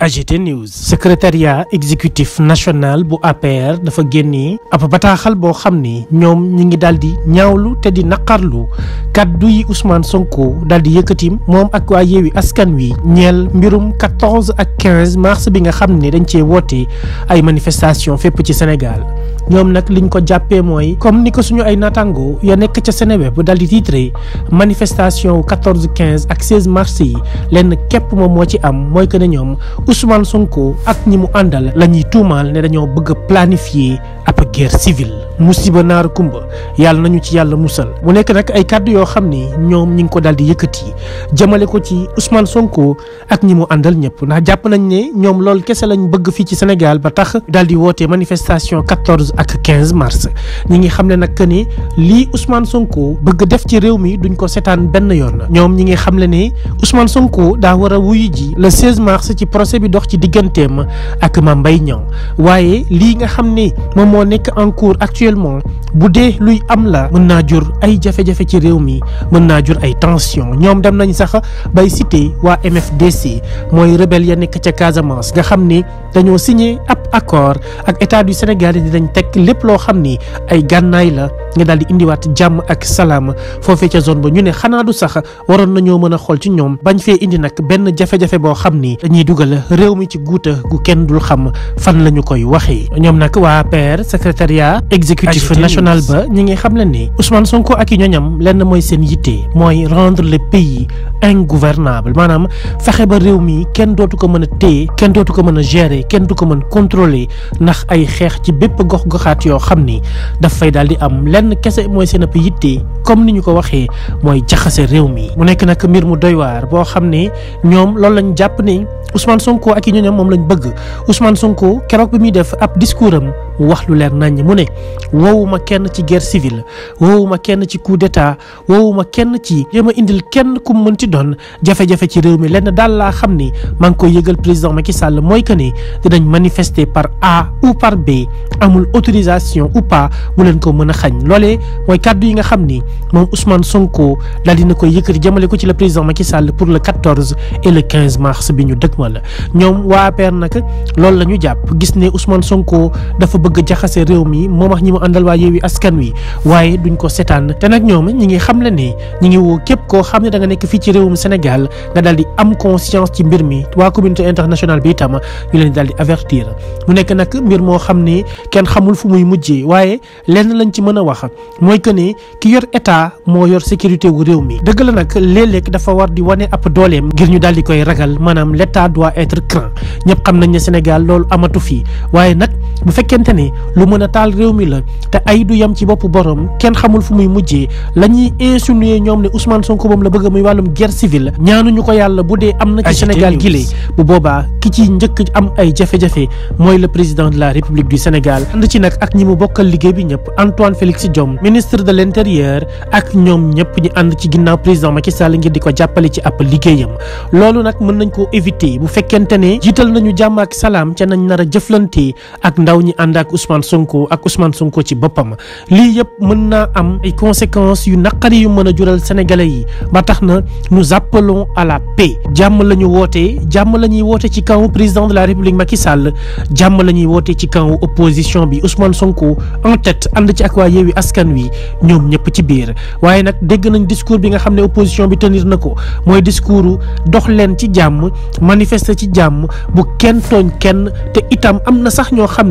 AGT News secrétariat exécutif national bu APR dafa génnee ab bataaxal boo xam ni ñoom ñi ngi daal di ñaawlu te di naqarlu kàddu yi Ousmane Sonko daal di yëkkatim moom ak waa Yewwi Askan Wi ñeel mbirum 14 ak 15 mars bi nga xam ni dañ cee woote ay manifestation fépp ci Sénégal ñoom nag liñ ko jàppee mooy comme ni ko suñu ay natango ya nekk ca Seneweb bu daal di titré manifestation 14 15 ak 16 mars yi lenn képp moom moo ci am mooy que ne ñoom Ousmane Sonko ak ñi mu àndal la ñuy tuumaal ne dañoo bëgg a planifier ab guerre civile. musiba naar kumba yàlla nañu ci yàlla musal mu nekk nag ay kàddu yoo xam ni ñoom ñi ngi ko daal di yëkkati jëmale ko ci Ousmane Sonko ak ñi mu àndal ñëpp ndax jàpp nañ ne ñoom lool kese lañ bëgg fii ci Sénégal ba tax daal di woote manifestation 14 ak 15 mars ñi ngi xam ne nag que ni lii Ousmane Sonko bëgg def ci réew mi duñ ko seetaan benn yoon ñoom ñi ngi xam ne ne Ousmane Sonko daa war a wuyu ji le 16 mars ci procès bi dox ci digganteem ak ma mbay Niang waaye lii nga xam actuellement bu dee luy am la mën naa jur ay jafe-jafe ci réew mi mën naa jur ay tension ñoom dem nañ sax bay cité waa MFDC mooy rebelle ya nekk ca Casamance nga xam ne dañoo signé ab accord ak état du Sénégal yi dinañ teg lépp loo xam ni ay gànnaay la nga daal di indiwaat jàmm ak salaam foofee ca zone ba ñu ne xanaa du sax waroon nañoo mën a xool ci ñoom bañ fee indi nag benn jafe-jafe boo xam ni dañuy dugal réew mi ci guuta gu kenn dul xam fan la ñu koy waxee. ñoom nag waa APR secrétariat exécutif national ba ñi ngi xam leen ni Ousmane Sonko ak i ñoñam lenn mooy seen yitte mooy rendre le pays ingouvernable maanaam fexe ba réew mi kenn dootu ko mën a téye kenn dootu ko mën a gérer kenn du ko mën contrôler ndax ay xeex ci bépp gox-goxaat yoo xam ni daf fay daal di am lenn kese mooy seen ab yitte comme ni ñu ko waxee mooy jaxase réew mi. mu nekk nag mbir mu doy waar boo xam ne ñoom loolu lañ jàpp ne Ousmane Sonko ak i ñooñam moom lañ bëgg Ousmane Sonko keroog bi muy def ab discours am. mu wax lu leer naññ mu ne wowuma kenn ci guerre civile wowuma kenn ci coup d'état wowuma kenn ci jéem a indil kenn ku mu mënti doon jafe-jafe ci réew mi lenn daal laa xam ni maa ngi koy yëgal président ki sàll mooy que ni dinañ manifester par A ou par B amul autorisation ou pas mu leen koo mën a xañ loole mooy kàddu yi nga xam ni moom Ousmane Sonko daal dina koy yëkkati jamale ko ci le président Macky Sall pour le 14 et le 15 mars bi ñu dëgmal ñoom la ñu jàpp bëgg jaxase réew mi moom wax ñi mu àndal waa Yewwi Askan Wi waaye duñ ko setaan te nag ñoom ñi ngi xam la ne ñi ngi woo képp koo xam ne danga nekk fii ci réewum Sénégal nga daal di am conscience ci mbir mi waa communauté internationale bi itam ñu leen daal di avertir mu nekk nag mbir moo xam ne kenn xamul fu muy mujjee waaye lenn lañ ci mën a wax mooy que ne ki yor état moo yor sécurité wu réew mi dëgg la nag léeg-léeg dafa war di wane app dooleem ngir ñu daal di koy ragal maanaam l'état doit être craint ñëpp nañ ne Sénégal loolu amatu fi ne lu mën a taal réew mi la te ay du yam ci boppu borom kenn xamul fu muy mujjee la ñuy insinuer ñoom ne Ousmane Sonko la bëgg muy wàllum guerre civile ñaanuñu ko yàlla bu dee am na ci Sénégal gile bu boobaa ki ci njëkk am ay jafe-jafe mooy le président de la République du Sénégal ànd ci nag ak ñi mu bokkal liggéey bi ñëpp Antoine Félix Diome ministre de l'intérieur ak ñoom ñëpp ñu ànd ci ginnaaw président Macky Sall ngir di ko jàppale ci ab liggéeyam a ak Ousmane Sonko ak Ousmane Sonko ci boppam lii yëpp mën naa am ay conséquences yu naqari yu mën a jural sénégalais yi ba tax na nous appelons à la paix jàmm la ñu wootee jàmm la ñuy woote ci kaw président de la république Macky Sall jàmm la ñuy woote ci kaw opposition bi Ousmane Sonko en tête ànd ci ak waa Yewwi Askan Wi ñoom ñëpp ci biir waaye nag dégg nañ discours bi nga xam ne opposition bi tenir na ko mooy discours dox leen ci jàmm manifester ci jàmm bu kenn tooñ kenn te itam am na sax ñoo xam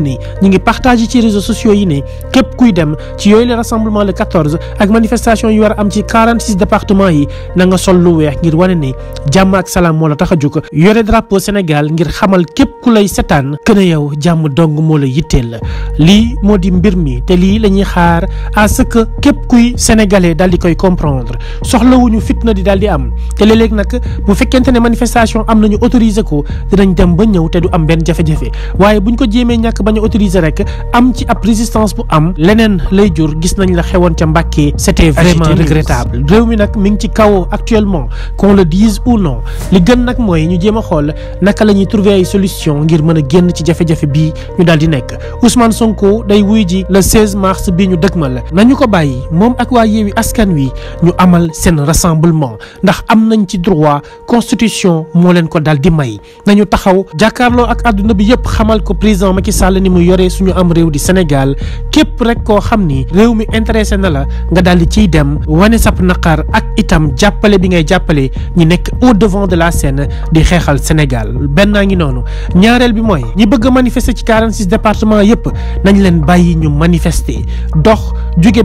partage ci réseaux sociaux yi ne képp kuy dem ci yooyu le rassemblement le 14 ak manifestation yu war a am ci 46 départements yi na nga sol lu weex ngir wane ni jàmm ak salaam moo la tax a jóg yore drapeau Sénégal ngir xamal képp ku lay setaan que ne jàmm dong moo la yitteel lii moo di mbir mi te lii la ñuy xaar à ce que képp kuy sénégalais daal di koy comprendre soxlawuñu fitna di daal di am te léeg-léeg nag bu fekkente ne manifestation am nañu autoriser ko dinañ dem ba ñëw te du am benn jafe-jafe waaye buñ ko jéemee ñàkk bañ a autoriser rek am ci ab résistance bu am leneen lay jur gis nañ la xewoon ca Mbàkke c'était vraiment regrettable réew mi nag mi ngi ci kawo actuellement qu'on le dise ou non li gën nag mooy ñu jéem a xool naka la ñuy trouver ay solution ngir mën a génn ci jafe bii ñu daal di nekk Ousmane Sonko day wuy ji le 16 mars bi ñu dëgmal nañu ko bàyyi moom ak waa Yewwi Askan Wi ñu amal seen rassemblement ndax am nañ ci droit constitution moo leen ko dal di may nañu taxaw jàkkaarloo ak àdduna bi yëpp xamal ko ma Macky Sall ni mu yoree suñu am réew di Sénégal képp rek koo xam ni réew mi intéressé na la nga daal di ciy dem wane sab naqar ak itam jàppale bi ngay jàppale ñi nekk au devant de la scène di xeexal Sénégal benn naa ngi noonu ñaareel bi mooy ñi bëgg a manifester ci 46 département yëpp nañ leen bàyyi ñu manifester dox jóge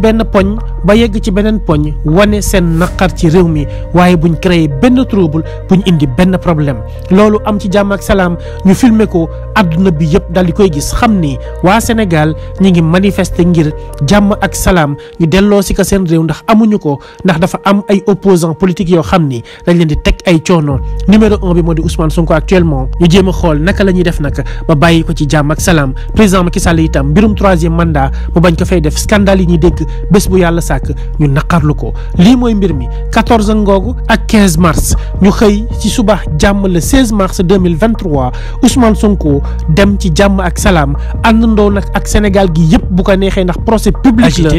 ba yegg ci beneen poñ wane seen naqar ci réew mi waaye buñ créé benn trouble buñ indi benn problème loolu am ci jàmm ak salaam ñu filmer ko àdduna bi yëpp daal di koy gis xam ni waa Sénégal ñi ngi manifester ngir jàmm ak salaam ñu delloo si ko seen réew ndax amuñu ko ndax dafa am ay opposants politiques yoo xam ni dañ leen di teg ay coono numéro un bi moo di Ousmane Sonko actuellement ñu jéem a xool naka la ñuy def nag ba bàyyi ko ci jàmm ak salaam président Macky Sall itam mbirum troisième mandat mu bañ ko fay def scandale yi ñuy dégg bés yàlla yàlla sàkk ñu naqarlu ko lii mooy mbir mi 14 ngoogu ak 15 mars ñu xëy ci suba jàmm le 16 mars 2023 Ousmane Sonko dem ci jàmm ak salaam àndandoo nag ak Sénégal gi yëpp bu ko neexee ndax procès public la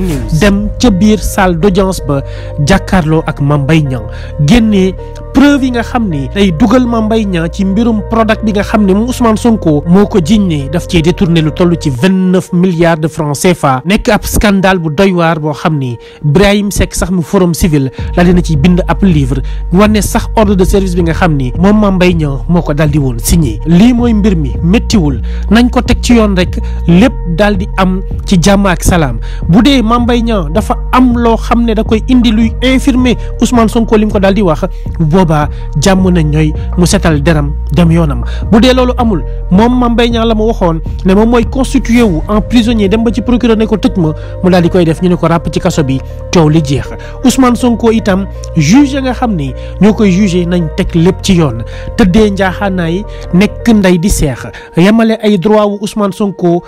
dem ca biir salle d'audience ba jàkkaarloo ak Mame Mbaye Niang génnee preuve yi nga xam ni day dugal Mame Mbaye ci mbirum Prodac bi nga xam ne mu Ousmane Sonko moo ko jiñ ne daf ciy détourné lu toll ci vingt neuf milliards de francs CFA nekk ab scandale bu doy waar boo xam ni Ibrahim sekk sax mu forum civil la dina ci bind ab livre wane sax ordre de service bi nga xam ni moom Mame Mbaye moo ko daldi woon signé lii mooy mbir mi méttiwul nañ ko teg ci yoon rek lépp daal di am ci jàmm ak salaam bu dee Mame Mbaye Niang dafa am loo xam ne da koy indi luy infirmer Ousmane Sonko lim ko daal di wax boobaa jàmm nañ ñooy mu setal deram dem yoonam bu dee loolu amul moom Mame Mbaye la mu waxoon ne moom mooy constitué wu en prisonnier dem ba ci procureur ne ko tëj ma mu daal di koy def ñu ne ko ràpp ci kaso bi coow li jeex Ousmane Sonko itam juge nga xam ni ñoo koy jugé nañ teg lépp ci yoon tëddee njaaxaanaay nekk ndey di seex yemale ay droit Sonko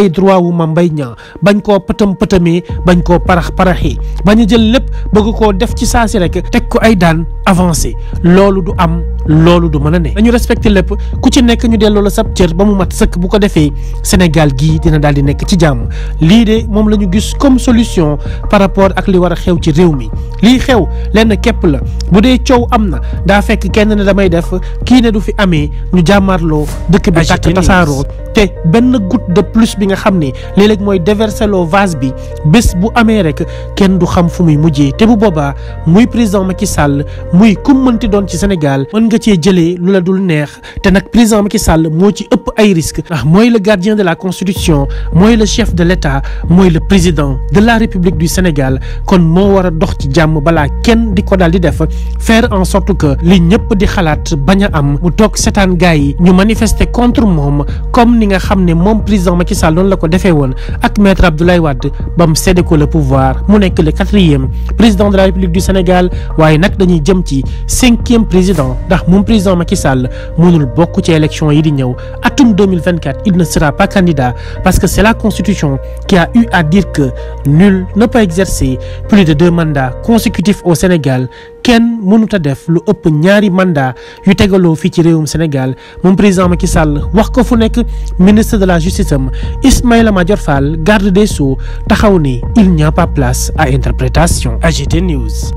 ay droit wu Mame Mbaye Niang bañ koo pëtam pëtamee bañ koo parax paraxee bañ jël lépp bëgg koo def ci saa si rek teg ko ay daan avancé loolu du am loolu du mën a ne. dañu respecté lépp ku ci nekk ñu delloo la sab cër ba mu mat sëkk bu ko defee Sénégal gii dina daal di nekk ci jàmm lii de moom la ñu gis comme solution par rapport ak li war a xew ci réew mi. lii xew lenn képp la bu dee coow am na daa fekk kenn ne damay def kii ne du fi amee ñu jàmmaarloo dëkk bi tàkk tasaaroo te benn goutte de plus bi nga xam ne léeg mooy déverser loo bi bés bu amee rek kenn du xam fu muy mujjee te bu boobaa muy président ma Macky sàll muy ku mënti doon ci Sénégal mën nga cee jëlee lu la dul neex te nag président Macky Sall moo ci ëpp ay risques ah, mooy le gardien de la constitution mooy le chef de l'État mooy le président de la République du Sénégal kon moo war a dox ci jàmm am balaa kenn di ko daal di def faire en sorte que li ñëpp di xalaat bañ a am mu toog setaan gars ñu manifester contre moom comme ni nga xam ne moom président Macky Sall noonu la ko defee woon ak maître Abdoulaye Wade ba mu cédé ko le pouvoir mu nekk le quatrième président de la République du Sénégal waaye nag dañuy jëm ci cinquième président ndax moom président Macky Sall mënul bokk ci élection yi di ñëw atum il ne sera pas candidat parce que c'est la a eu à consécutif au Sénégal kenn mënuta def lu ëpp ñaari mandat yu tegaloo fii ci réewum Sénégal moom président Macky Sall wax ko fu nekk ministre de la justice am Ismaïla Madior Fall garde des Sceaux taxaw ni il n'y a pas place à interprétation AGT News